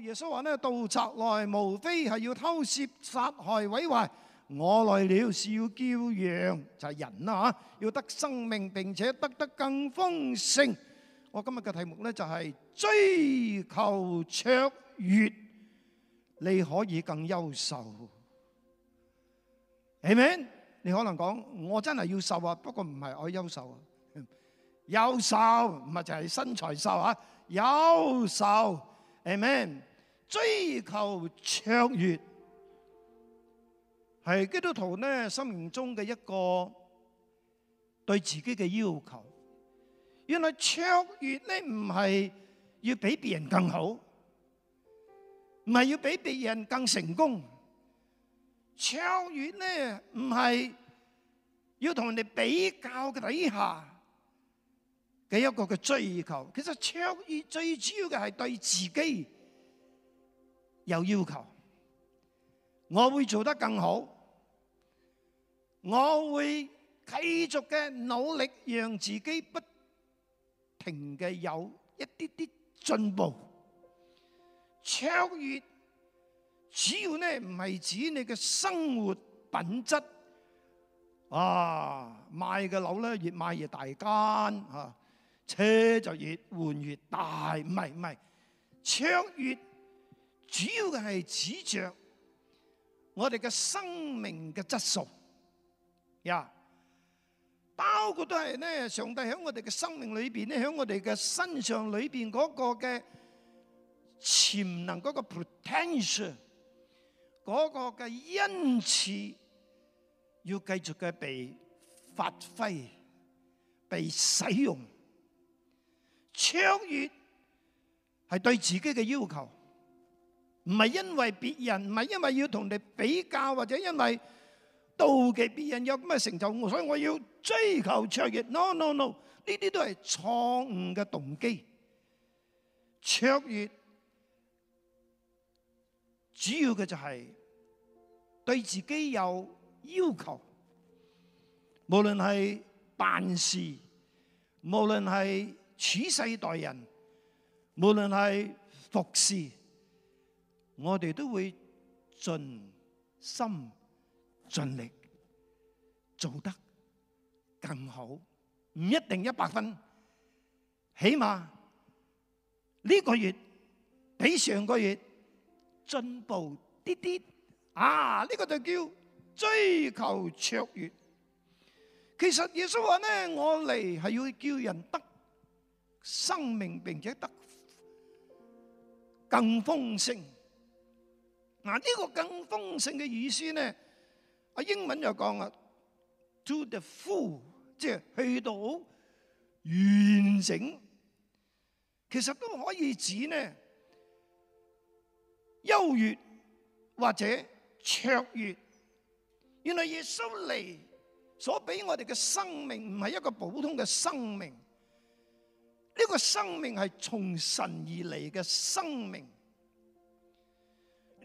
耶穌話呢，盜賊來，無非係要偷竊、殺害、毀壞。我來了，是要叫羊就係人啦吓，要得生命，並且得得更豐盛。我今日嘅題目呢就係追求卓越，你可以更優秀。Amen。你可能講，我真係要瘦啊，不過唔係我優秀，優秀唔係就係身材瘦啊，優秀。Amen。追求卓越係基督徒咧生命中嘅一個對自己嘅要求。原來卓越咧唔係要比別人更好，唔係要比別人更成功。卓越咧唔係要同人哋比較嘅底下嘅一個嘅追求。其實卓越最主要嘅係對自己。有要求，我會做得更好，我會繼續嘅努力，讓自己不停嘅有一啲啲進步、卓越。主要呢，唔係指你嘅生活品質，啊，買嘅樓咧越買越大間，啊，車就越換越大，唔係唔係，卓越。主要嘅係指着我哋嘅生命嘅質素，呀，包括都係咧，上帝喺我哋嘅生命裏邊咧，響我哋嘅身上裏邊個嘅潛能個 potential，個嘅恩賜要繼續嘅被發揮、被使用、超越，係對自己嘅要求。唔係因為別人，唔係因為要同你比較，或者因為妒忌別人有咁嘅成就，我所以我要追求卓越。No, no, no，呢啲都係錯誤嘅動機。卓越主要嘅就係對自己有要求，無論係辦事，無論係處世待人，無論係服事。我哋都會盡心盡力做得更好，唔一定一百分，起碼呢個月比上個月進步啲啲，啊，呢個就叫追求卓越。其實耶穌話咧，我嚟係要叫人得生命，並且得更豐盛。嗱，呢個更豐盛嘅意思咧，阿英文就講啊，to the full，即係去到完整，其實都可以指咧優越或者卓越。原來耶穌嚟所俾我哋嘅生命，唔係一個普通嘅生命，呢個生命係從神而嚟嘅生命。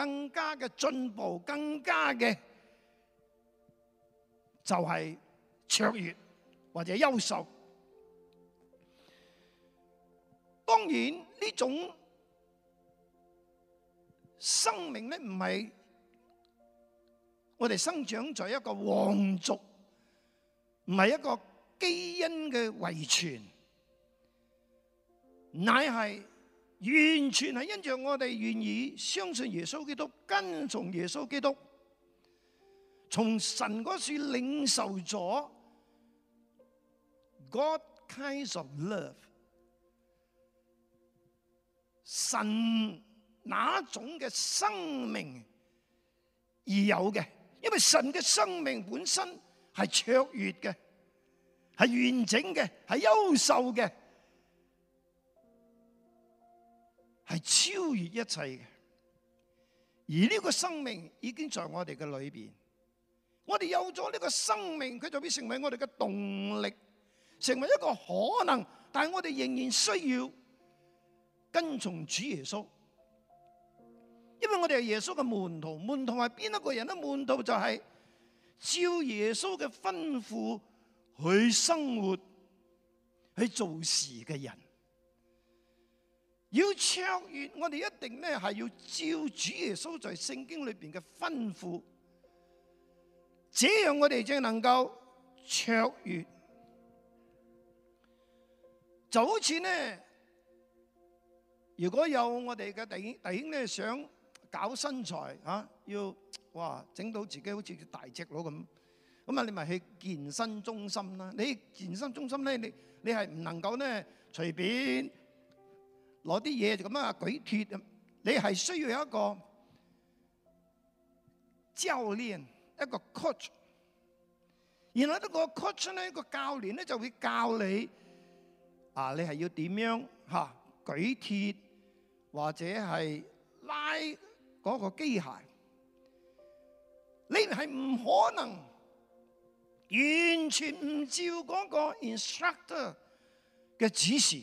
更加嘅進步，更加嘅就係卓越或者優秀。當然，呢種生命咧唔係我哋生長在一個皇族，唔係一個基因嘅遺傳，乃係。完全係因着我哋願意相信耶穌基督，跟從耶穌基督，從神嗰處領受咗 God kind of love，神那種嘅生命而有嘅，因為神嘅生命本身係卓越嘅，係完整嘅，係優秀嘅。係超越一切嘅，而呢個生命已經在我哋嘅裏邊。我哋有咗呢個生命，佢就會成為我哋嘅動力，成為一個可能。但係我哋仍然需要跟從主耶穌，因為我哋係耶穌嘅門徒。門徒係邊一個人咧？門徒，就係照耶穌嘅吩咐去生活、去做事嘅人。要卓越，我哋一定咧係要照主耶穌在聖經裏邊嘅吩咐，這樣我哋先能夠卓越。就好似咧，如果有我哋嘅弟兄弟兄咧想搞身材啊，要哇，整到自己好似大隻佬咁，咁啊你咪去健身中心啦。你健身中心咧，你你係唔能夠咧隨便。攞啲嘢就咁樣啊，舉鐵啊！你係需要一個教練，一個 coach。然後呢個 coach 咧，一個教練咧就會教你，啊，你係要點樣吓、啊、舉鐵或者係拉個機械。你係唔可能完全唔照個 instructor 嘅指示。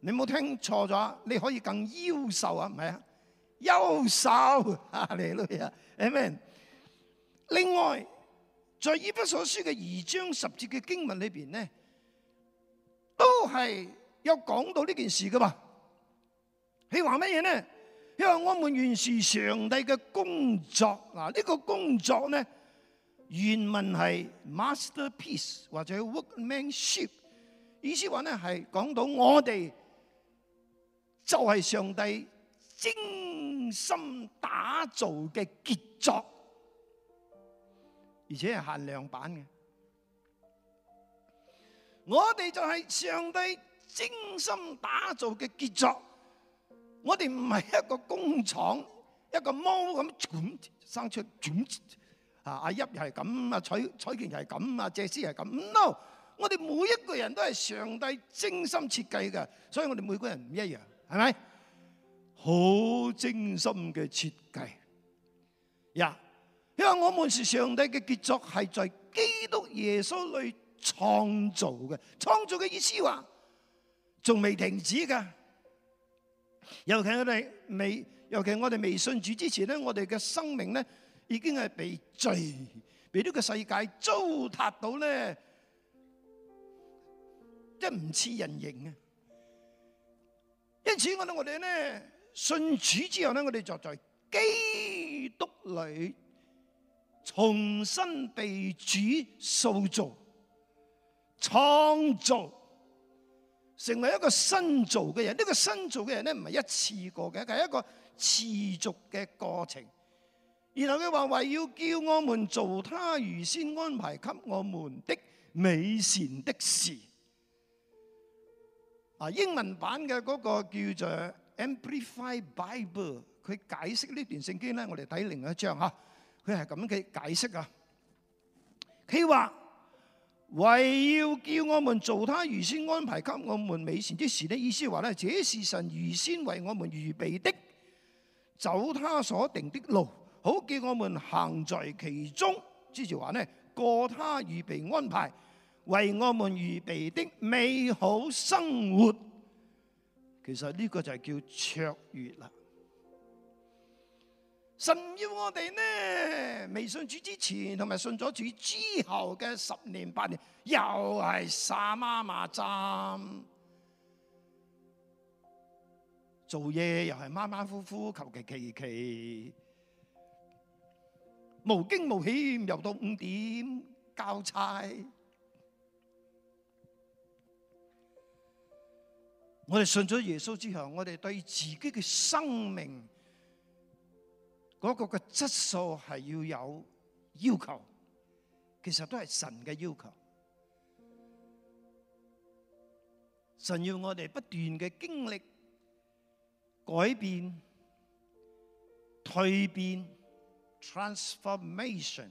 你冇聽錯咗，你可以更優秀啊，唔係啊，優秀啊，嚟咯呀，Amen。另外，在以弗所書嘅二章十節嘅經文裏邊呢，都係有講到呢件事噶嘛？你話乜嘢呢？佢話我們原是上帝嘅工作，嗱、這、呢個工作呢，原文係 masterpiece 或者 workmanship，意思話呢係講到我哋。就係上帝精心打造嘅傑作，而且係限量版嘅。我哋就係上帝精心打造嘅傑作。我哋唔係一個工廠 一個模咁生出轉啊！阿一又係咁啊，彩彩賢又係咁啊，謝詩又係咁。no，我哋每一個人都係上帝精心設計嘅，所以我哋每個人唔一樣。係咪好精心嘅設計？呀，因為我們是上帝嘅傑作，係在基督耶穌裏創造嘅。創造嘅意思話，仲未停止噶。尤其我哋未，尤其我哋未信主之前咧，我哋嘅生命咧，已經係被罪、被呢個世界糟蹋到咧，即係唔似人形啊！因此，我哋我哋咧信主之後咧，我哋就在基督裏重新被主塑造、創造，成為一個新造嘅人。呢個新造嘅人咧，唔係一次過嘅，係一個持續嘅過程。然後佢話為要叫我們做他預先安排給我們的美善的事。啊，英文版嘅嗰個叫做《Amplified Bible》，佢解釋呢段聖經咧，我哋睇另一章吓，佢係咁嘅解釋啊。佢話為要叫我們做他預先安排給我們美善之事咧，意思係話咧，這是神預先為我們預備的，走他所定的路，好叫我們行在其中。諸如話呢，「過他預備安排。為我們預備的美好生活，其實呢個就係叫卓越啦。神要我哋呢，未信主之前同埋信咗主之後嘅十年八年，又係沙馬馬站，做嘢又係馬馬虎虎，求其其其，無驚無險，又到五點交差。我哋信咗耶穌之後，我哋對自己嘅生命嗰個嘅質素係要有要求，其實都係神嘅要求。神要我哋不斷嘅經歷改變、蛻變 （Transformation），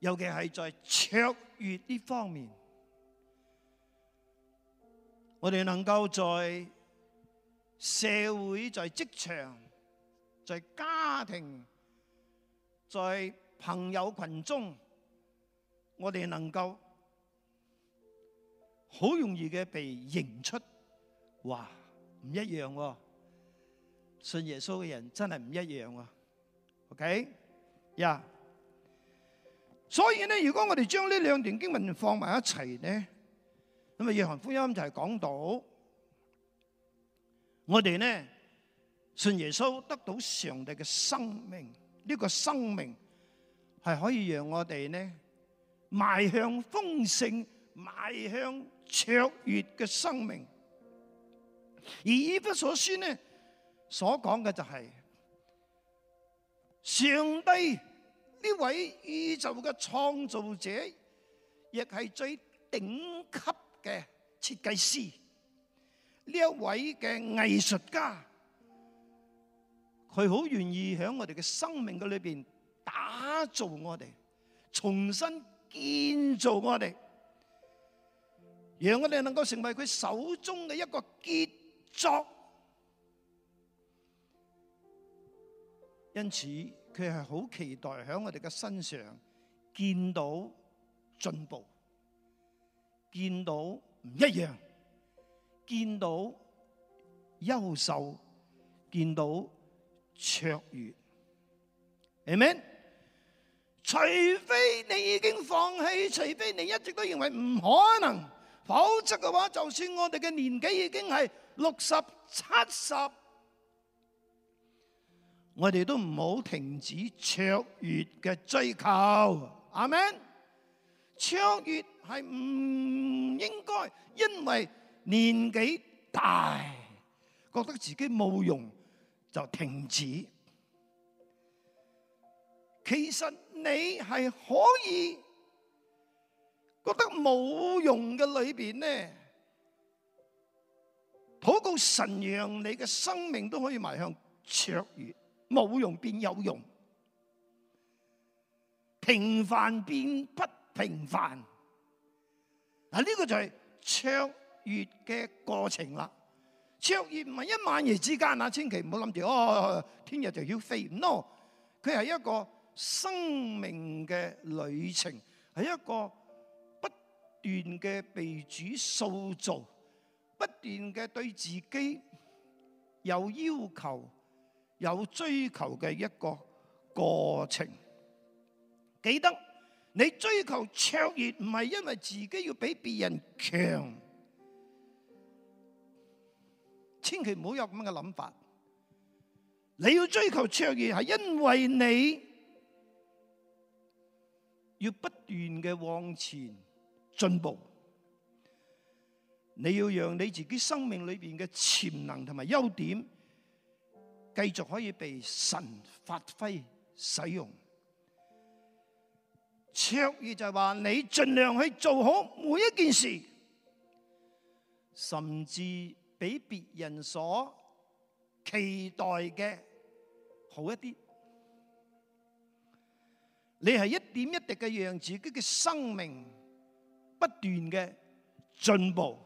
尤其係在卓越呢方面。我哋能夠在社會、在職場、在家庭、在朋友群中，我哋能夠好容易嘅被認出。哇，唔一樣喎！信耶穌嘅人真係唔一樣喎。OK，呀，所以咧，如果我哋將呢兩段經文放埋一齊咧。咁啊，約翰福音就係講到我哋呢，信耶穌得到上帝嘅生命，呢個生命係可以讓我哋呢邁向豐盛、邁向卓越嘅生命。而以弗所書呢，所講嘅就係上帝呢位宇宙嘅創造者，亦係最頂級嘅設計師呢，一位嘅藝術家，佢好願意喺我哋嘅生命嘅裏邊打造我哋，重新建造我哋，讓我哋能夠成為佢手中嘅一個傑作。因此，佢係好期待喺我哋嘅身上見到進步。見到唔一樣，見到優秀，見到卓越，阿門。除非你已經放棄，除非你一直都認為唔可能，否則嘅話，就算我哋嘅年紀已經係六十七十，我哋都唔好停止卓越嘅追求。阿門。卓越係唔應該，因為年紀大，覺得自己冇用就停止。其實你係可以覺得冇用嘅裏邊呢，禱告神讓你嘅生命都可以邁向卓越，冇用變有用，平凡變不。平凡啊！呢、這個就係卓越嘅過程啦。卓越唔係一晚夜之間啊，千祈唔好諗住哦，聽日就要飛。no，佢係一個生命嘅旅程，係一個不斷嘅被主塑造，不斷嘅對自己有要求、有追求嘅一個過程。記得。你追求卓越唔係因為自己要比別人強，千祈唔好有咁嘅諗法。你要追求卓越，係因為你要不斷嘅往前進步，你要讓你自己生命裏邊嘅潛能同埋優點繼續可以被神發揮使用。卓越就係話你盡量去做好每一件事，甚至比別人所期待嘅好一啲。你係一點一滴嘅讓自己嘅生命不斷嘅進步。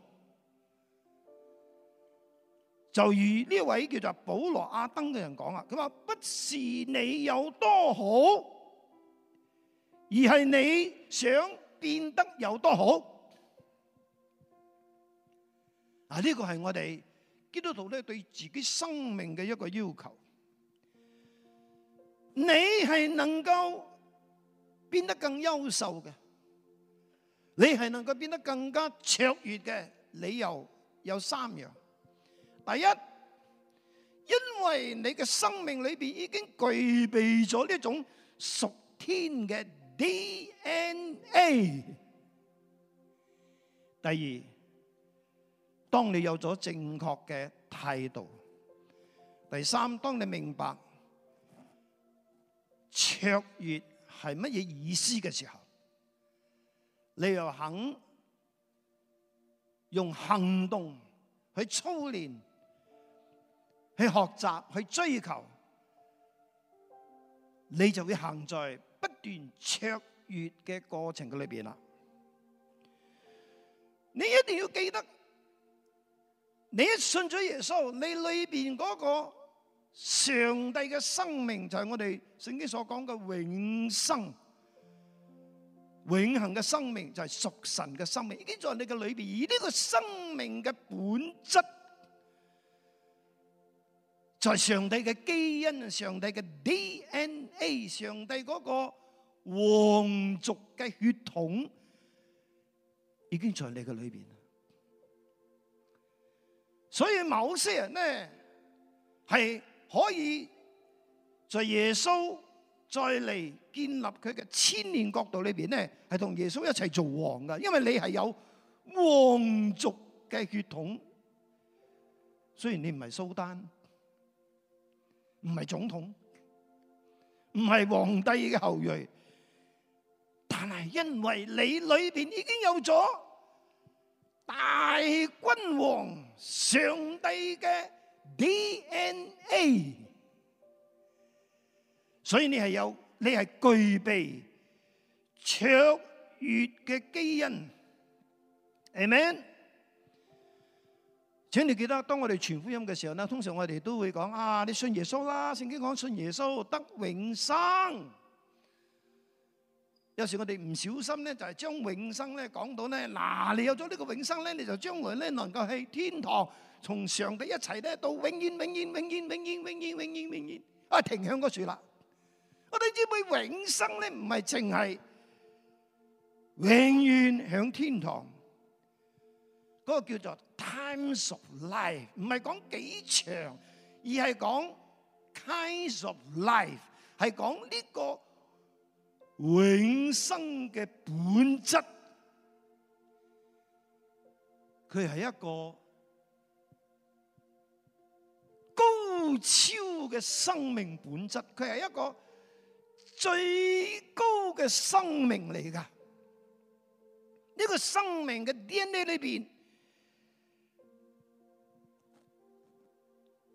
就如呢位叫做保羅亞登嘅人講啊，佢話，不是你有多好。而係你想變得有多好啊？呢個係我哋基督徒咧對自己生命嘅一個要求。你係能夠變得更優秀嘅，你係能夠變得更加卓越嘅理由有三樣。第一，因為你嘅生命裏邊已經具備咗呢種屬天嘅。DNA。第二，當你有咗正確嘅態度；第三，當你明白卓越係乜嘢意思嘅時候，你又肯用行動去操練、去學習、去追求，你就會行在。不斷卓越嘅過程嘅裏邊啦，你一定要記得，你一信咗耶穌，你裏邊嗰個上帝嘅生命就係我哋聖經所講嘅永生、永恆嘅生命，就係屬神嘅生命，已經在你嘅裏邊，而呢個生命嘅本質。在上帝嘅基因、上帝嘅 DNA、上帝嗰個皇族嘅血統，已經在你嘅裏邊啦。所以某些人咧，係可以在耶穌再嚟建立佢嘅千年國度裏邊咧，係同耶穌一齊做王噶，因為你係有皇族嘅血統，雖然你唔係蘇丹。唔係總統，唔係皇帝嘅後裔，但係因為你裏邊已經有咗大君王上帝嘅 DNA，所以你係有，你係具備卓越嘅基因，阿們。請你記得，當我哋傳福音嘅時候咧，通常我哋都會講啊，你信耶穌啦，聖經講信耶穌得永生。有時我哋唔小心咧，就係將永生咧講到咧，嗱，你有咗呢個永生咧，你就將來咧能夠去天堂，同上帝一齊咧，到永遠、永遠、永遠、永遠、永遠、永遠、永遠，啊，停響嗰處啦。我哋知唔知永生咧唔係淨係永遠響天堂？嗰個叫做 times of life，唔係講幾長，而係講 times of life，係講呢個永生嘅本質。佢係一個高超嘅生命本質，佢係一個最高嘅生命嚟㗎。呢個生命嘅 DNA 裏邊。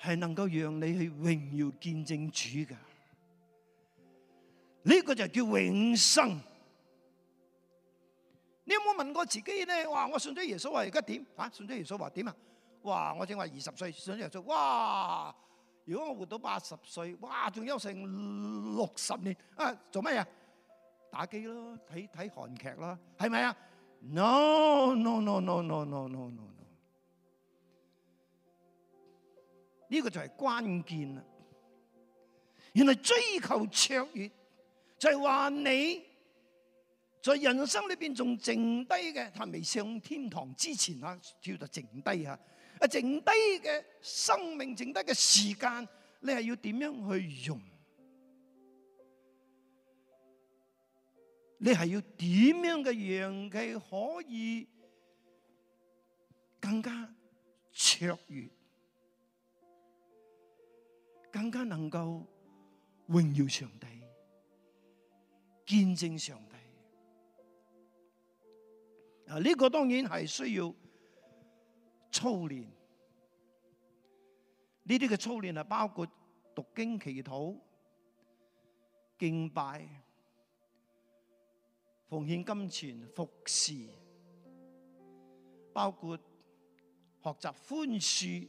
係能夠讓你去榮耀見證主噶，呢個就叫永生。你有冇問過自己咧？哇！我信咗耶穌話而家點？啊！信咗耶穌話點啊？哇！我正話二十歲信咗耶穌，哇！如果我活到八十歲，哇！仲有成六十年啊？做咩啊？打機咯，睇睇韓劇啦，係咪啊？No no no no no no no no。呢個就係關鍵啦！原來追求卓越就係話你，在人生裏邊仲剩低嘅，係未上天堂之前啊，叫做剩低啊，啊剩低嘅生命，剩低嘅時間，你係要點樣去用？你係要點樣嘅讓佢可以更加卓越？更加能夠榮耀上帝、見證上帝啊！呢個當然係需要操練。呢啲嘅操練係包括讀經、祈禱、敬拜、奉獻金錢、服侍，包括學習寬恕、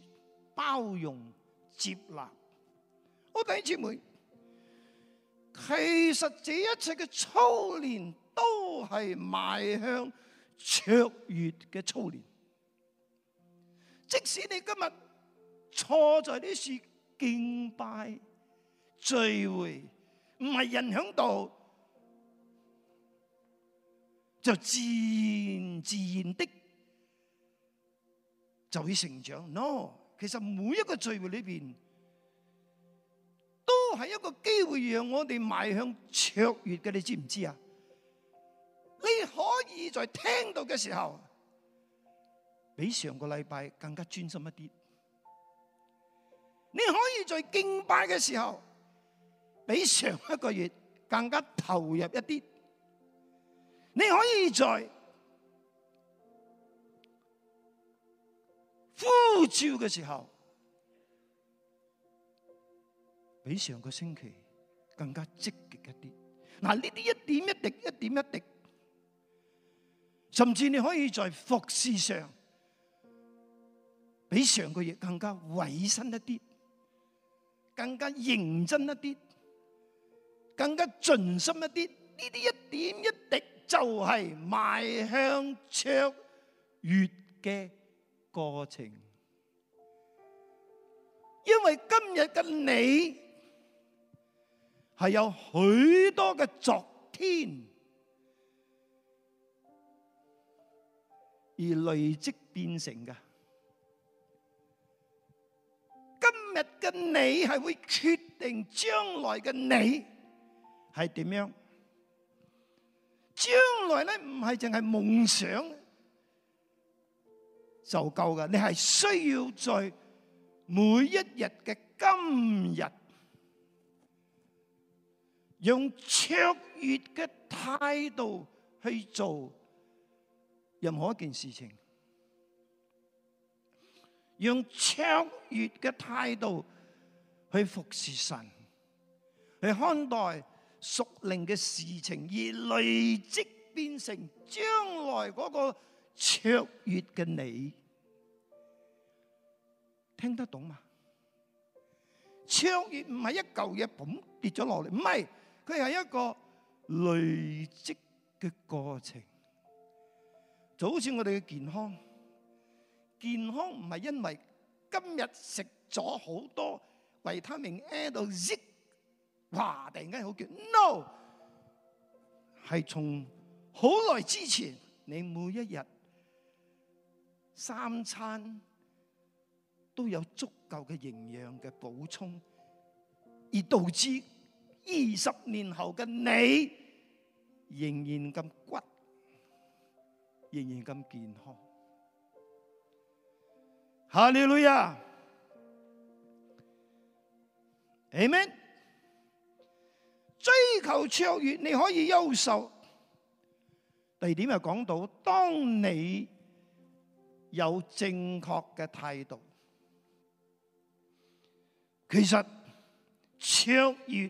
包容、接納。我弟兄姊妹，其實這一切嘅操練都係邁向卓越嘅操練。即使你今日坐在呢處敬拜聚會，唔係人響度，就自然自然的就會成長。no，其實每一個聚會裏邊。都係一個機會，讓我哋邁向卓越嘅，你知唔知啊？你可以在聽到嘅時候，比上個禮拜更加專心一啲；你可以在敬拜嘅時候，比上一個月更加投入一啲；你可以在呼召嘅時候。比上個星期更加積極一啲，嗱呢啲，一點一滴、一點一滴，甚至你可以在服事上比上個月更加委身一啲、更加認真一啲、更加盡心一啲，呢啲一點一滴就係邁向卓越嘅過程，因為今日嘅你。係有許多嘅昨天而累積變成嘅，今日嘅你係會決定將來嘅你係點樣？將來咧，唔係淨係夢想就夠嘅，你係需要在每一日嘅今日。用卓越嘅態度去做任何一件事情，用卓越嘅態度去服侍神，去看待屬靈嘅事情，而累積變成將來嗰個卓越嘅你，聽得懂嗎？卓越唔係一舊嘢咁跌咗落嚟，唔係。佢係一個累積嘅過程，就好似我哋嘅健康，健康唔係因為今日食咗好多維他命 A 到 Z，嘩突然間好勁，No，係從好耐之前，你每一日三餐都有足夠嘅營養嘅補充，而導致。二十年後嘅你仍然咁骨，仍然咁健康。哈利路亞，阿門。追求卓越，你可以優秀。第二點又講到，當你有正確嘅態度，其實卓越。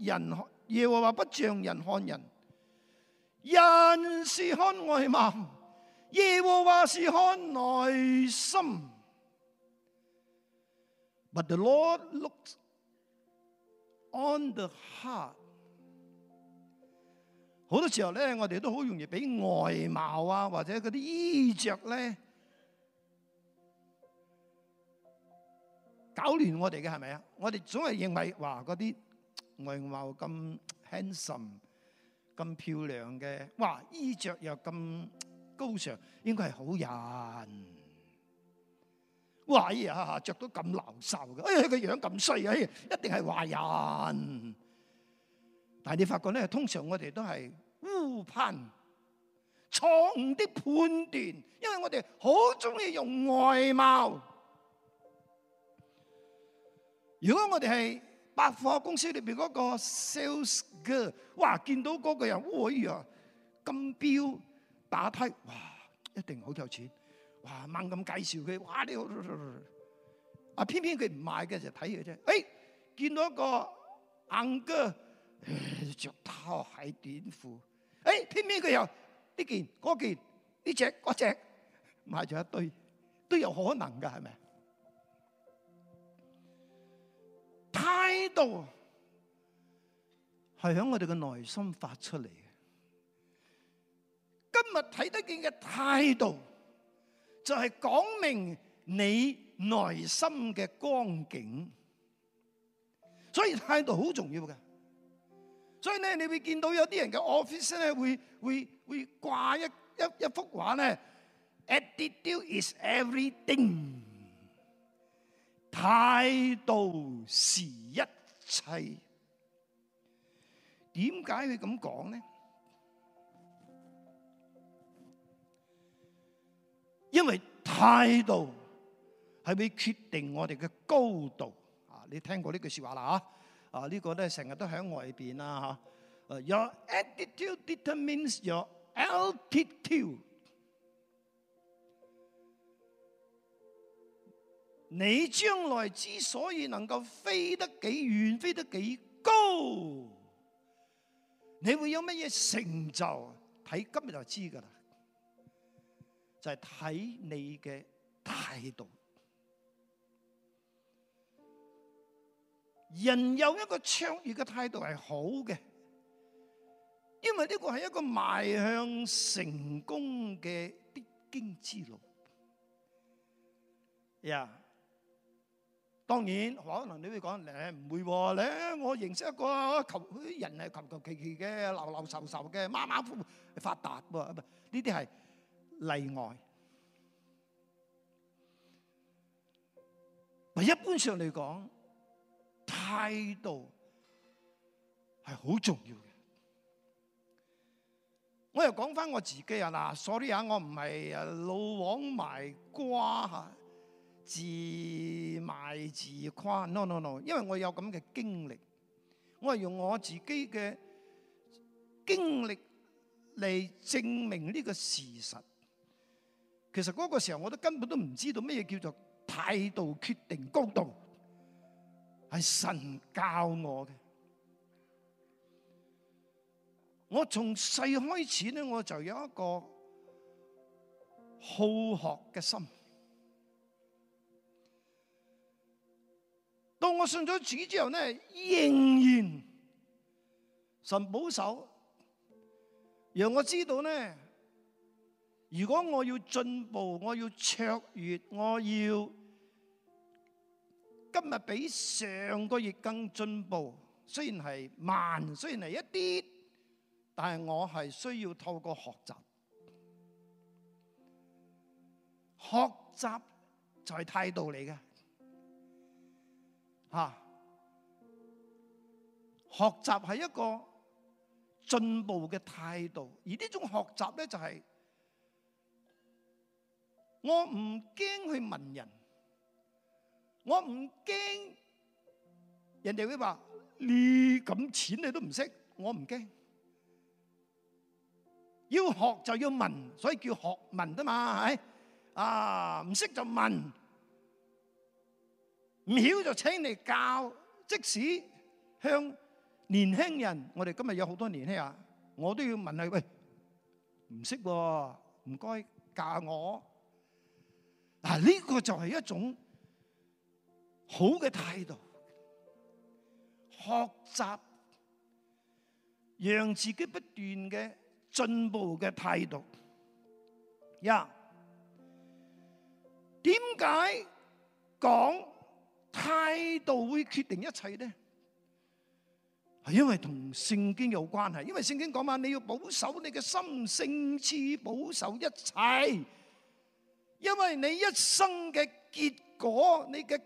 人耶和華不像人看人，人是看外貌，耶和華是看內心。But the Lord looked on the heart。好多時候咧，我哋都好容易俾外貌啊，或者嗰啲衣着咧，搞亂我哋嘅係咪啊？我哋總係認為話嗰啲。外貌咁 handsome、咁漂亮嘅，哇！衣着又咁高尚，應該係好人。哇！依家着到咁流手嘅，哎，個樣咁衰嘅，一定係壞人。但係你發覺咧，通常我哋都係污噴、錯誤的判斷，因為我哋好鍾意用外貌。如果我哋係，百貨公司裏邊嗰個 sales girl，哇，見到嗰個人，哇依啊金錶打呔，哇一定好有錢，哇猛咁介紹佢，哇你，啊偏偏佢唔買嘅就睇佢啫。哎、欸、見到一個硬哥、欸，著拖鞋短褲，哎、欸、偏偏佢又呢件嗰件呢隻嗰隻買咗一堆，都有可能㗎係咪？態度係喺我哋嘅內心發出嚟嘅。今日睇得見嘅態度，就係講明你內心嘅光景。所以態度好重要嘅。所以咧，你會見到有啲人嘅 office 咧，會會會掛一一一幅畫咧，Attitude is everything。態度是一切，點解佢咁講咧？因為態度係會決定我哋嘅高度啊！你聽過呢句説話啦嚇？啊呢個咧成日都喺外邊啦嚇。Your attitude determines your altitude. 你將來之所以能夠飛得幾遠、飛得幾高，你會有乜嘢成就？睇今日就知噶啦，就係、是、睇你嘅態度。人有一個卓越嘅態度係好嘅，因為呢個係一個邁向成功嘅必經之路，呀。Yeah. 當然，可能你會講你唔會喎咧。我認識一個求啲人係求求其其嘅，流流愁愁嘅，馬馬虎虎發達喎。不呢啲係例外。但一般上嚟講，態度係好重要嘅。我又講返我自己啊嗱，所啲啊我唔係老王賣瓜嚇，自賣自誇，no no no，因為我有咁嘅經歷，我係用我自己嘅經歷嚟證明呢個事實。其實嗰個時候，我都根本都唔知道咩叫做態度決定高度，係神教我嘅。我從細開始咧，我就有一個好學嘅心。當我信咗主之後咧，仍然神保守，讓我知道咧，如果我要進步，我要卓越，我要今日比上個月更進步，雖然係慢，雖然係一啲，但係我係需要透過學習，學習就係態度嚟嘅。吓、啊！學習係一個進步嘅態度，而呢種學習咧就係、是、我唔驚去問人，我唔驚人哋會話你咁淺你都唔識，我唔驚。要學就要問，所以叫學問啊嘛，係啊？唔識就問。唔曉就請你教，即使向年輕人，我哋今日有好多年輕人，我都要問佢：喂，唔識喎，唔該教我。嗱，呢個就係一種好嘅態度，學習，讓自己不斷嘅進步嘅態度。呀，點解講？態度會決定一切呢，係因為同聖經有關係。因為聖經講嘛，你要保守你嘅心，勝於保守一切。因為你一生嘅結果，你嘅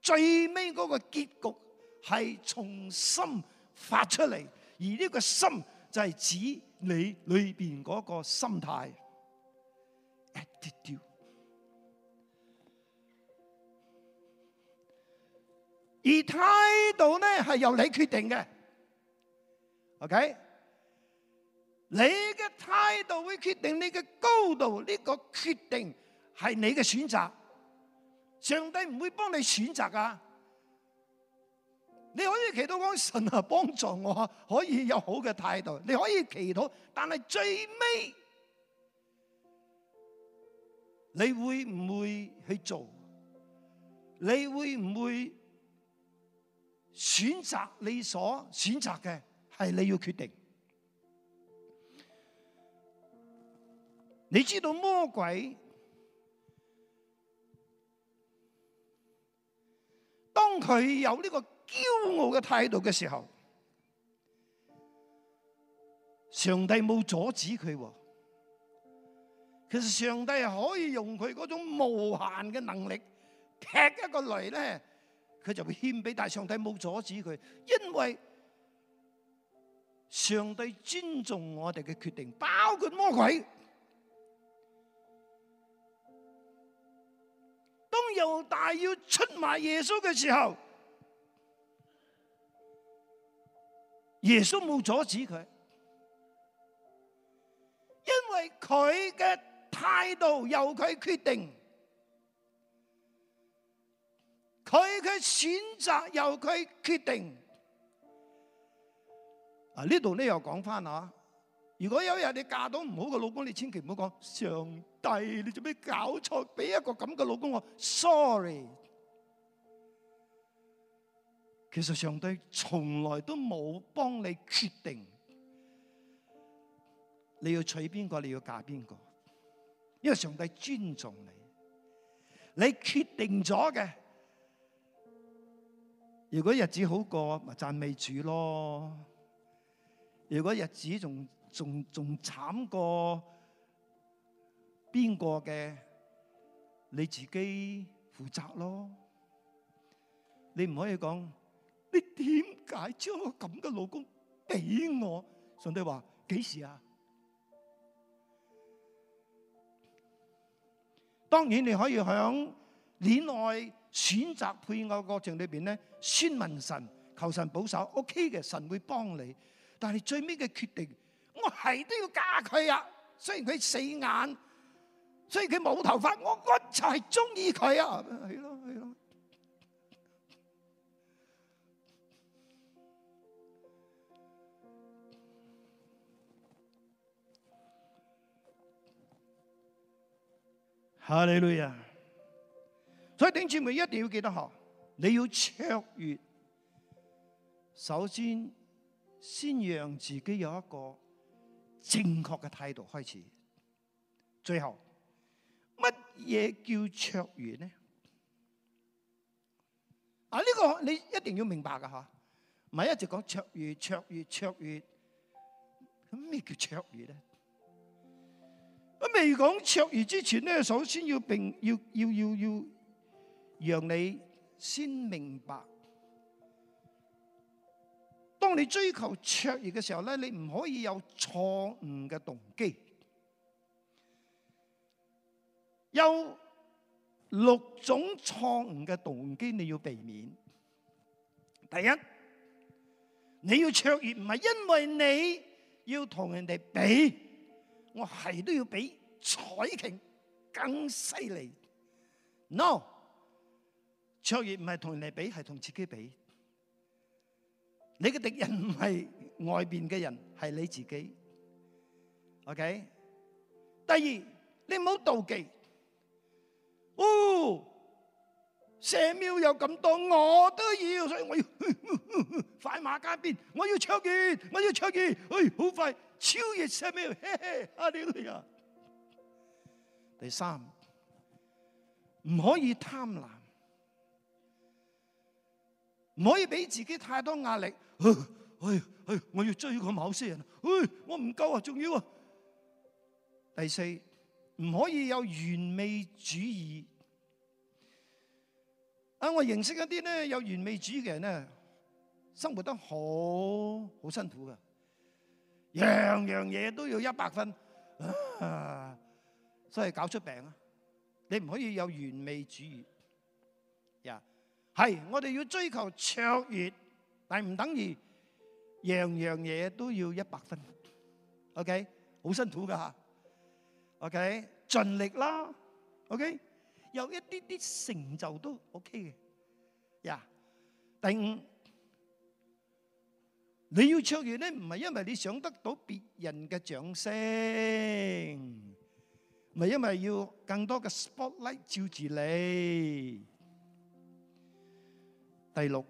最尾嗰個結局係從心發出嚟，而呢個心就係指你裏邊嗰個心態。Attitude。而態度咧係由你決定嘅，OK？你嘅態度會決定你嘅高度，呢個決定係你嘅選擇。上帝唔會幫你選擇噶，你可以祈禱講，神啊，幫助我，可以有好嘅態度。你可以祈禱，但係最尾，你會唔會去做？你會唔會？選擇，你所選擇嘅係你要決定。你知道魔鬼當佢有呢個驕傲嘅態度嘅時候，上帝冇阻止佢，其實上帝係可以用佢嗰種無限嘅能力劈一個雷咧。佢就會獻俾，但係上帝冇阻止佢，因為上帝尊重我哋嘅決定，包括魔鬼。當猶大要出賣耶穌嘅時候，耶穌冇阻止佢，因為佢嘅態度由佢決定。佢嘅選擇由佢決定。啊，呢度咧又講返啊！如果有人哋嫁到唔好嘅老公，你千祈唔好講上帝，你做咩搞錯？俾一個咁嘅老公，我 sorry。其實上帝從來都冇幫你決定你要娶邊個，你要嫁邊個，因為上帝尊重你，你決定咗嘅。如果日子好過，咪讚美主咯；如果日子仲仲仲慘過邊個嘅，你自己負責咯。你唔可以講，你點解將個咁嘅老公俾我？上帝話幾時啊？當然你可以響戀愛。選擇配偶過程裏邊咧，先問神，求神保守，O K 嘅，神會幫你。但係最尾嘅決定，我係都要嫁佢啊！雖然佢四眼，雖然佢冇頭髮，我我就係中意佢啊！係咯，係咯。哈利路亞。所以弟兄們一定要記得吓，你要卓越，首先先讓自己有一個正確嘅態度開始。最後乜嘢叫卓越呢？啊，呢個你一定要明白噶吓，唔係一直講卓越、卓越、卓越。咁咩叫卓越咧？我未講卓越之前咧，首先要並要要要要。讓你先明白，當你追求卓越嘅時候咧，你唔可以有錯誤嘅動機。有六種錯誤嘅動機你要避免。第一，你要卓越唔係因為你要同人哋比，我係都要比彩瓊更犀利。No。卓越唔係同人嚟比，係同自己比。你嘅敵人唔係外邊嘅人，係你自己。OK。第二，你唔好妒忌。哦，社廟有咁多，我都要，所以我要快馬加鞭，我要卓越，我要卓越。唉，好快超越社廟，阿你啊。第三，唔可以貪婪。唔可以俾自己太多壓力，哎哎，我要追佢某些人，哎，我唔夠啊，仲要啊。第四，唔可以有完美主義。啊，我認識一啲咧有完美主義嘅人咧，生活得好好辛苦噶，樣樣嘢都要一百分，啊，所以搞出病啊！你唔可以有完美主義。Yeah. 係，我哋要追求卓越，但唔等於樣樣嘢都要一百分。OK，好辛苦噶吓。OK，盡力啦。OK，有一啲啲成就都 OK 嘅。呀，第五，你要卓越咧，唔係因為你想得到別人嘅掌聲，唔係因為要更多嘅 spotlight 照住你。第六，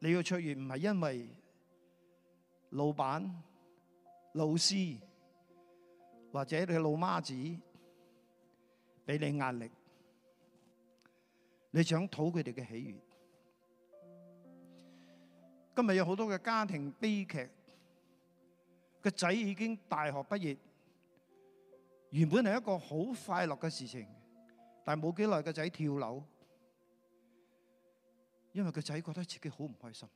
你要卓越唔係因為老闆、老師或者你嘅老媽子俾你壓力，你想討佢哋嘅喜悦。今日有好多嘅家庭悲劇，個仔已經大學畢業，原本係一個好快樂嘅事情，但係冇幾耐個仔跳樓。因為個仔覺得自己好唔開心，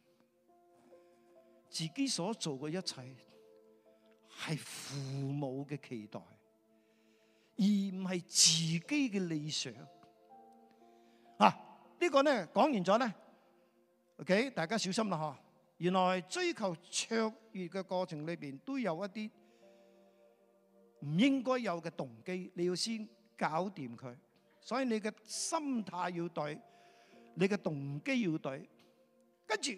自己所做嘅一切係父母嘅期待，而唔係自己嘅理想。啊，這個、呢個咧講完咗咧，OK，大家小心啦吓。原來追求卓越嘅過程裏邊都有一啲唔應該有嘅動機，你要先搞掂佢，所以你嘅心態要對。你嘅動機要對，跟住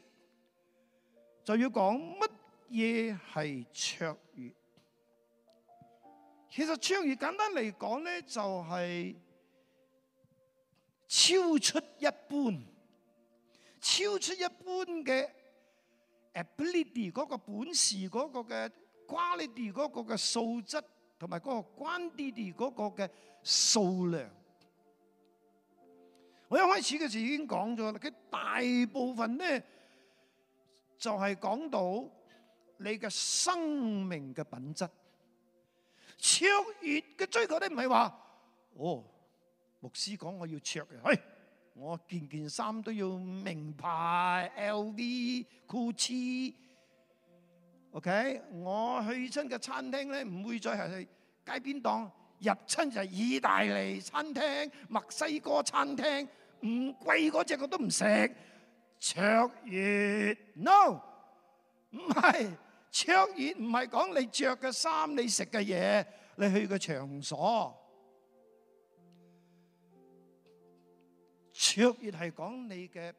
就要講乜嘢係卓越。其實卓越簡單嚟講咧，就係超出一般，超出一般嘅 ability 嗰個本事，嗰個嘅 quality 嗰個嘅素質，同埋嗰個 quantity 嗰個嘅數量。我一開始嘅時已經講咗啦，佢大部分咧就係講到你嘅生命嘅品質，卓越嘅追求咧唔係話，哦，牧師講我要卓嘅係我件件衫都要名牌，LV、GUCCI，OK，我去親嘅餐廳咧唔會再係去街邊檔。入親就係意大利餐廳、墨西哥餐廳，唔貴嗰隻我都唔食。卓越，No，唔係，卓越唔係講你著嘅衫、你食嘅嘢、你去嘅場所。卓越係講你嘅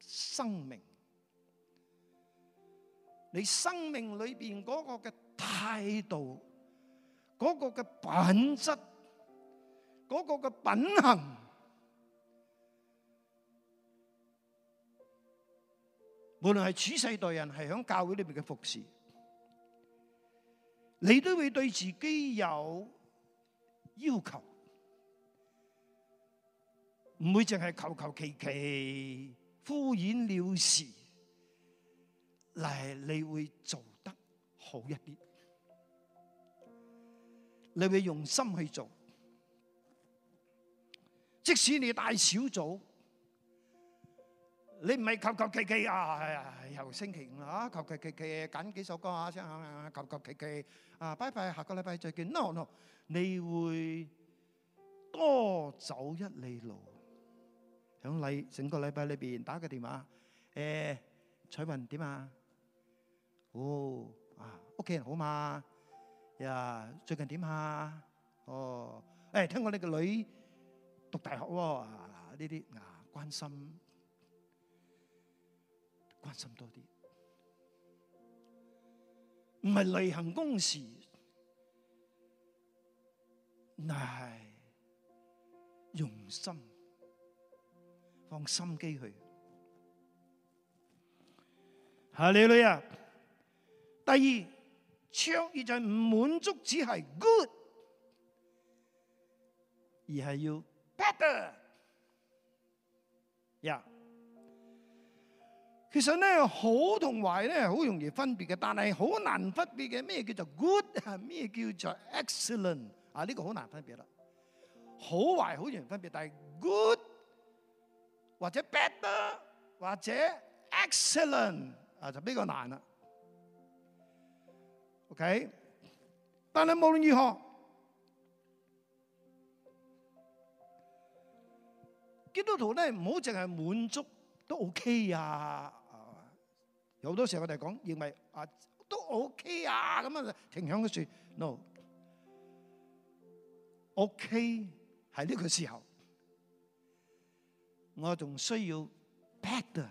生命，你生命裏邊嗰個嘅態度。嗰個嘅品質，嗰個嘅品行，無論係處世待人，係響教會裏邊嘅服侍，你都會對自己有要求，唔會淨係求求其其、敷衍了事，嚟，你會做得好一啲。你會用心去做，即使你大小組，你唔係求求其其啊，又星期五啊，求求其其揀幾首歌啊，先啊，求求其其啊，拜拜，下個禮拜再見。no no，你會多走一里路，響禮整個禮拜裏邊打個電話。誒，彩雲點啊？哦，啊，屋企人好嘛？呀，最近點啊？哦，誒，聽講你個女讀大學喎，呢啲啊關心關心多啲，唔係例行公事，嗱係用心，放心機去。好，你哋啊，第二。卓越就係唔滿足，只係 good，而係要 better。呀，其實咧好同壞咧好容易分別嘅，但係好難分別嘅咩叫做 good 係咩叫做 excellent 啊？呢個好難分別啦。好壞好容易分別，但係 good 或者 better 或者 excellent 啊，就比較難啦。O.K. 但係無論如何，基督徒呢，唔好淨係滿足都 O.K. 啊！有好多時候我哋講，認為啊都 O.K. 啊，咁啊，停響嗰處。No，O.K. 係呢個時候，我仲需要 better。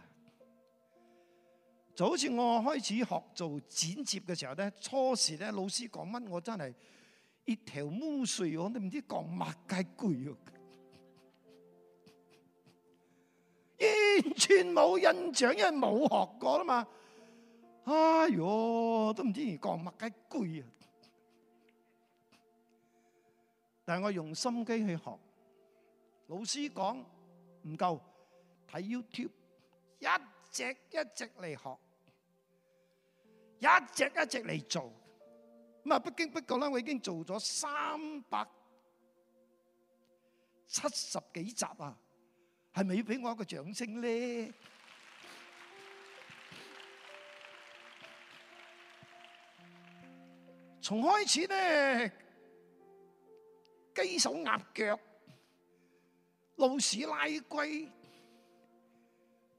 就好似我開始學做剪接嘅時候咧，初時咧老師講乜，我真係一頭霧水，我都唔知講乜鬼攰，完全冇印象，因為冇學過啦嘛。哎呦，都唔知講乜鬼攰啊！但係我用心機去學，老師講唔夠，睇 YouTube 一。一直一直嚟學，一直一直嚟做。咁啊，不經不覺啦，我已經做咗三百七十幾集啊！係咪要俾我一個掌聲咧？從開始咧，雞手鴨腳，老鼠拉龜，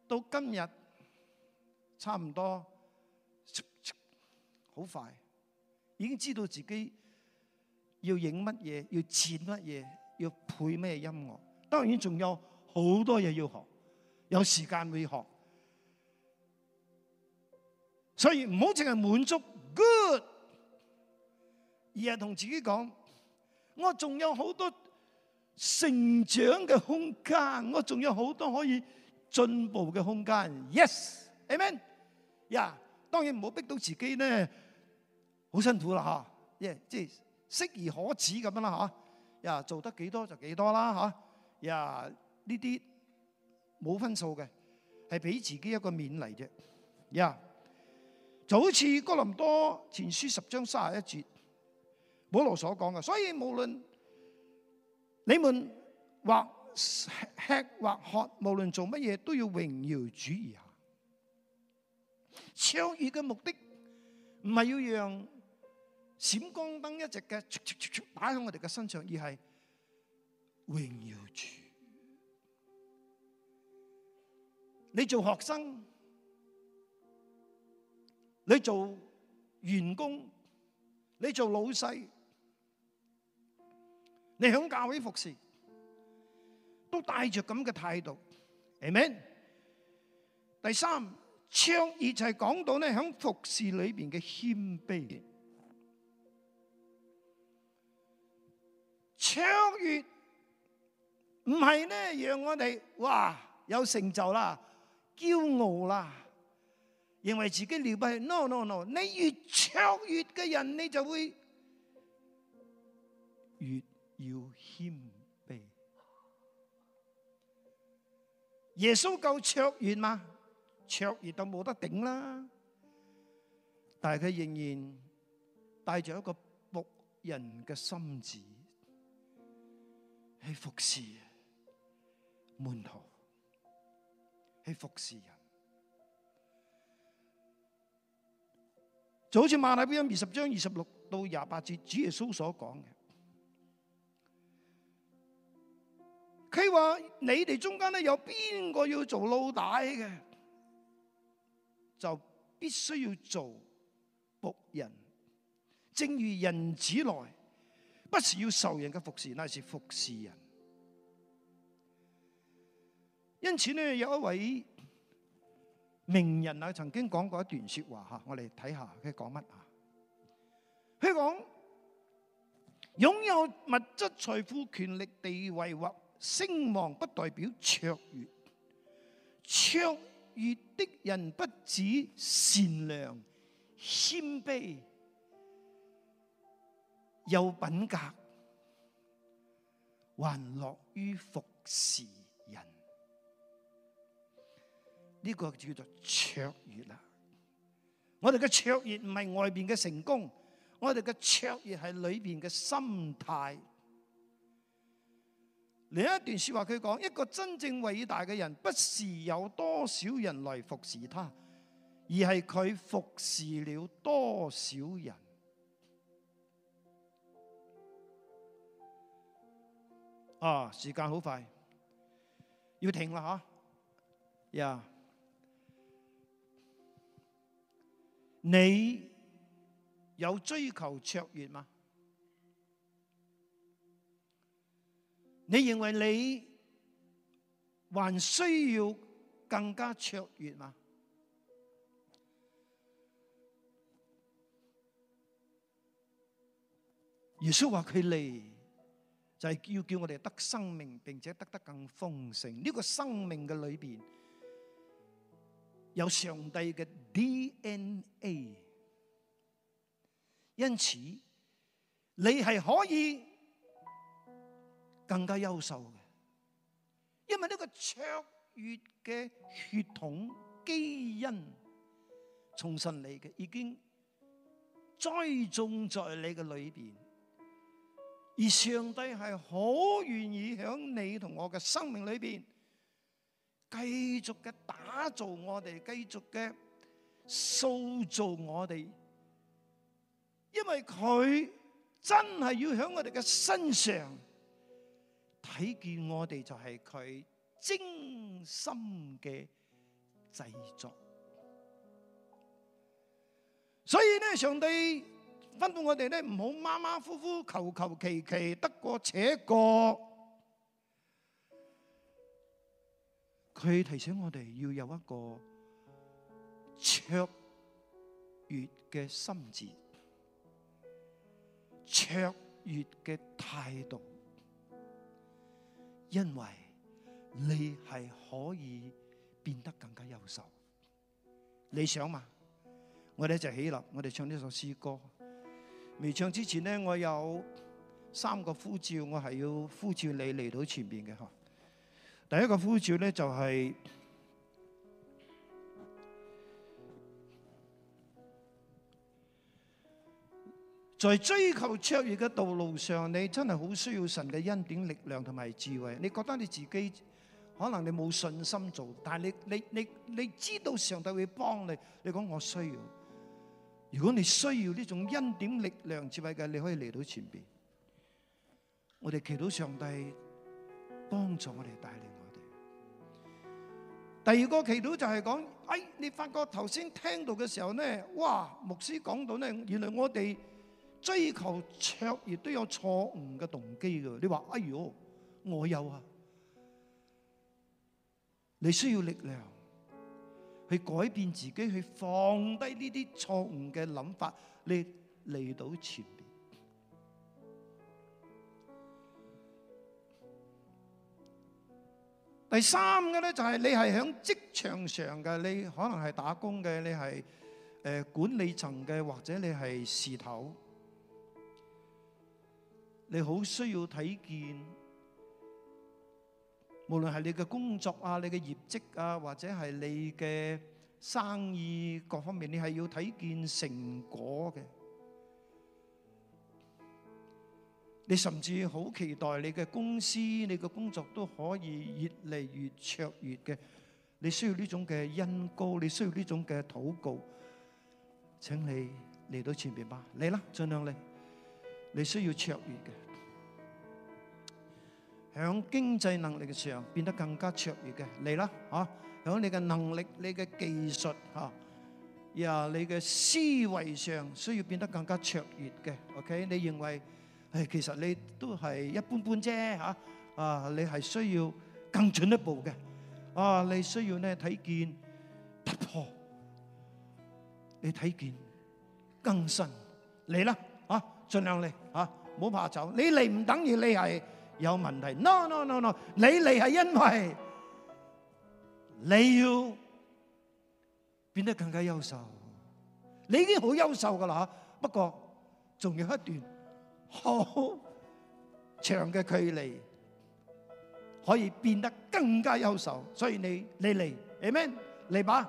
到今日。差唔多，好快，已經知道自己要影乜嘢，要剪乜嘢，要配咩音樂。當然仲有好多嘢要學，有時間會學。所以唔好淨係滿足 Good，而係同自己講，我仲有好多成長嘅空間，我仲有好多可以進步嘅空間。Yes，Amen。呀，yeah，當然唔好逼到自己咧，好辛苦啦吓，耶、yeah，即係適而可止咁樣啦吓。呀、啊，做得幾多就幾多啦吓。呀、啊，呢啲冇分數嘅，係俾自己一個勉勵啫。呀，就好似哥林多前書十章三十一節保羅所講嘅，所以無論你們或吃或喝，無論做乜嘢，都要榮耀主啊。超越嘅目的唔係要讓閃光燈一直嘅擺喺我哋嘅身上，而係榮耀主。你做學生，你做員工，你做老細，你響教會服侍，都帶着咁嘅態度，Amen。第三。卓，越就係講到咧，喺服侍裏邊嘅謙卑嘅。卓越唔係呢，讓我哋哇有成就啦、驕傲啦，認為自己了不起。no no no，你越卓越嘅人，你就會越要謙卑。耶穌夠卓越嘛？卓越到冇得頂啦，但係佢仍然帶住一個僕人嘅心志去服侍門徒，去服侍人，就好似《馬太福音》二十章二十六到廿八節，主耶穌所講嘅，佢話：你哋中間咧有邊個要做老大嘅？就必須要做僕人，正如人子來，不是要受人嘅服侍，乃是服侍人。因此呢，有一位名人啊，我曾經講過一段説話嚇，我哋睇下佢講乜啊？佢講擁有物質財富、權力、地位或聲望，不代表卓越、卓。越的人不止善良、謙卑、有品格，還樂於服侍人。呢個叫做卓越啦。我哋嘅卓越唔係外邊嘅成功，我哋嘅卓越係裏邊嘅心態。另一段說話，佢講一個真正偉大嘅人，不是有多少人來服侍他，而係佢服侍了多少人。啊，時間好快，要停了嗬？呀、啊，yeah. 你有追求卓越嗎？你認為你還需要更加卓越嗎？耶穌話佢嚟就係要叫我哋得生命，並且得得更豐盛。呢個生命嘅裏邊有上帝嘅 DNA，因此你係可以。更加優秀嘅，因為呢個卓越嘅血統基因，從神嚟嘅已經栽種在你嘅裏邊，而上帝係好願意喺你同我嘅生命裏邊，繼續嘅打造我哋，繼續嘅塑造我哋，因為佢真係要喺我哋嘅身上。睇見我哋就係佢精心嘅製作，所以呢，上帝吩咐我哋呢唔好馬馬虎虎、求求其其得過且過，佢提醒我哋要有一個卓越嘅心智、卓越嘅態度。因為你係可以變得更加優秀，你想嘛？我哋一齊起立，我哋唱呢首詩歌。未唱之前呢，我有三個呼召，我係要呼召你嚟到前邊嘅嗬。第一個呼召咧就係、是。在追求卓越嘅道路上，你真係好需要神嘅恩典、力量同埋智慧。你覺得你自己可能你冇信心做，但係你你你你知道上帝會幫你，你講我需要。如果你需要呢種恩典、力量、智慧嘅，你可以嚟到前邊。我哋祈禱上帝幫助我哋帶領我哋。第二個祈禱就係講：哎，你發覺頭先聽到嘅時候呢，哇，牧師講到呢，原來我哋。追求卓越都有錯誤嘅動機嘅。你話：哎呦，我有啊！你需要力量去改變自己，去放低呢啲錯誤嘅諗法，你嚟到前面。第三個咧就係、是、你係喺職場上嘅，你可能係打工嘅，你係誒管理層嘅，或者你係事頭。你好需要睇見，無論係你嘅工作啊、你嘅業績啊，或者係你嘅生意各方面，你係要睇見成果嘅。你甚至好期待你嘅公司、你嘅工作都可以越嚟越卓越嘅。你需要呢種嘅恩膏，你需要呢種嘅禱告，請你嚟到前面吧，嚟啦，盡量嚟。你需要卓越嘅，響經濟能力上變得更加卓越嘅，嚟啦，吓，響你嘅能力、你嘅技術吓，啊你嘅思維上需要變得更加卓越嘅，OK？你認為，誒，其實你都係一般般啫，吓，啊，你係需要更進一步嘅，啊，你需要咧睇見突破，你睇見更新，嚟啦。盡量嚟啊，唔好怕走。你嚟唔等於你係有問題。No no no no，你嚟係因為你要變得更加優秀。你已經好優秀噶啦嚇，不過仲有一段好長嘅距離可以變得更加優秀，所以你你嚟，amen，嚟吧。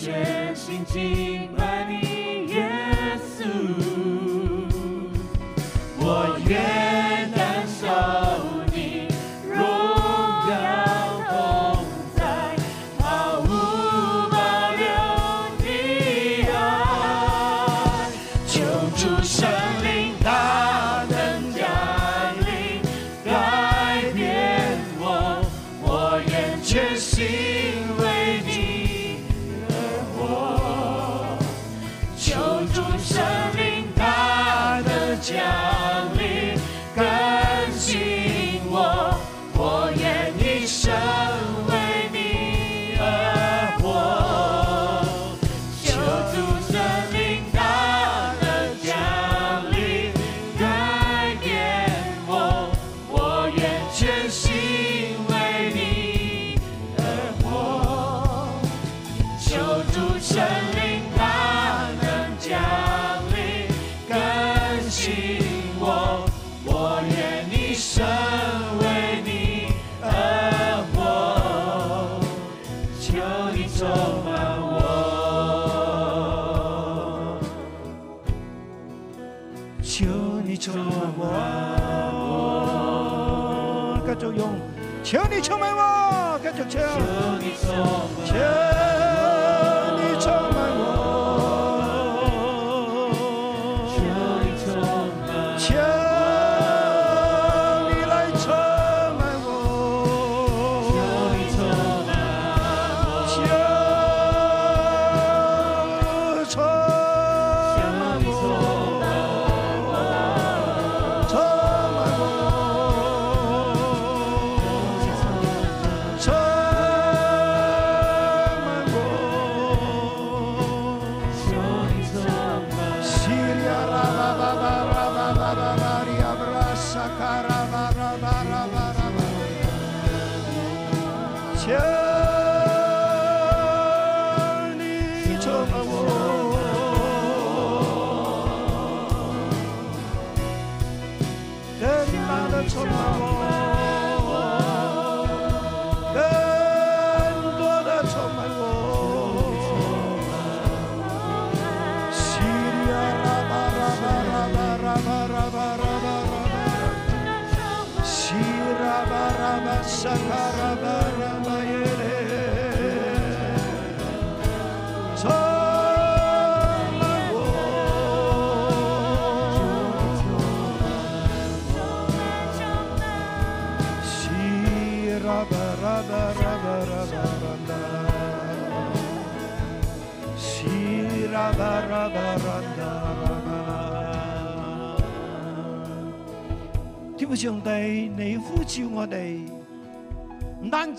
全心敬拜你，耶穌，我願。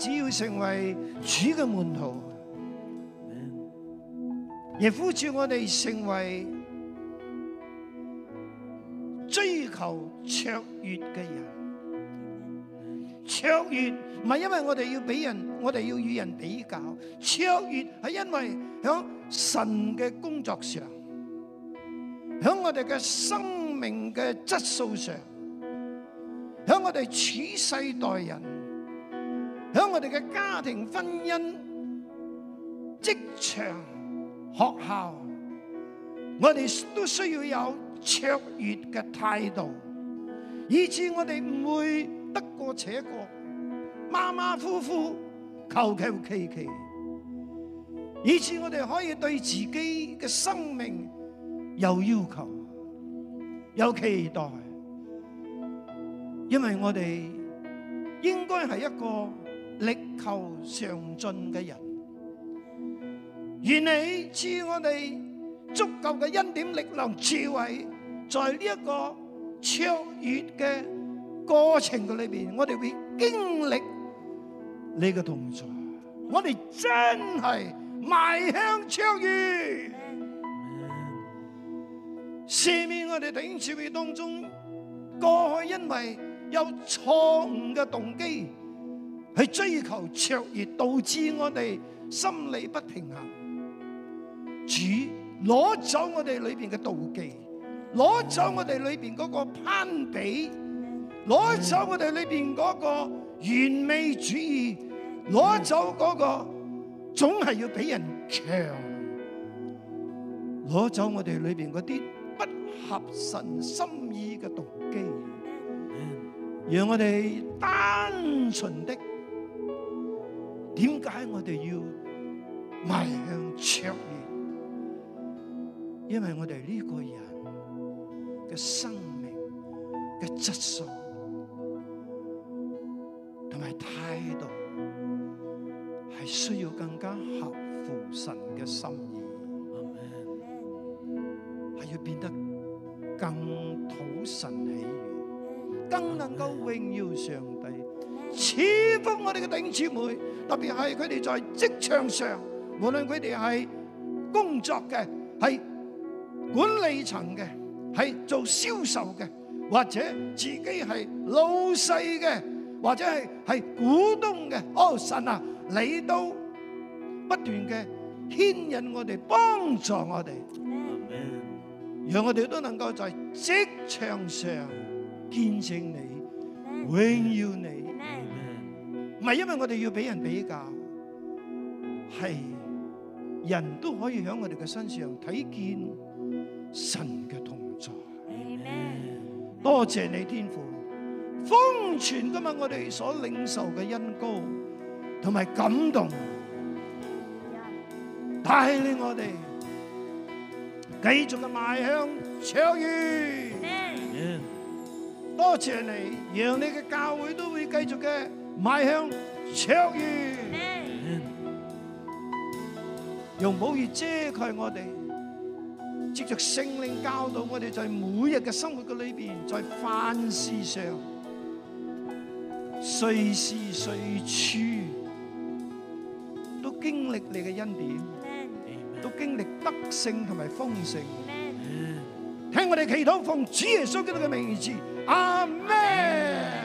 只要成為主嘅門徒，耶穌呼召我哋成為追求卓越嘅人。卓越唔係因為我哋要俾人，我哋要與人比較。卓越係因為響神嘅工作上，響我哋嘅生命嘅質素上，響我哋處世待人。喺我哋嘅家庭、婚姻、職場、學校，我哋都需要有卓越嘅態度，以致我哋唔會得過且過、馬馬虎虎、求求其其，以致我哋可以對自己嘅生命有要求、有期待，因為我哋應該係一個力求上進嘅人，願你賜我哋足夠嘅恩典、力量、智慧，在呢一個卓越嘅過程嘅裏邊，我哋會經歷你嘅動作。我哋真係邁向卓越，赦免我哋喺卓越當中過去因為有錯誤嘅動機，去追求卓越，導致我哋心理不平衡。主攞走我哋裏邊嘅妒忌，攞走我哋裏邊嗰個攀比，攞走我哋裏邊嗰個完美主義，攞走嗰個總係要俾人強，攞走我哋裏邊嗰啲不合神心意嘅動機，讓我哋單純的。點解我哋要邁向卓越？因為我哋呢個人嘅生命嘅質素同埋態度，係需要更加合乎神嘅心意。係 Amen. 要變得更討神喜悅，更能夠榮耀上帝，賜福我哋嘅頂姊妹。特別係佢哋在職場上，無論佢哋係工作嘅，係管理層嘅，係做銷售嘅，或者自己係老細嘅，或者係係股東嘅，哦，神啊，你都不斷嘅牽引我哋，幫助我哋，讓我哋都能夠在職場上見證你，榮耀你。唔係因為我哋要俾人比較，係人都可以喺我哋嘅身上睇見神嘅同在。多謝你天父，封存今日我哋所領受嘅恩膏同埋感動，帶領我哋繼續嘅邁向卓越。多謝你，讓你嘅教會都會繼續嘅。邁向卓越，用寶血遮蓋我哋，接着聖靈教導我哋，在每日嘅生活嘅裏邊，在凡事上，隨時隨處都經歷你嘅恩典，都經歷得勝同埋豐盛。聽我哋祈禱，奉主耶穌基督嘅名字，阿門。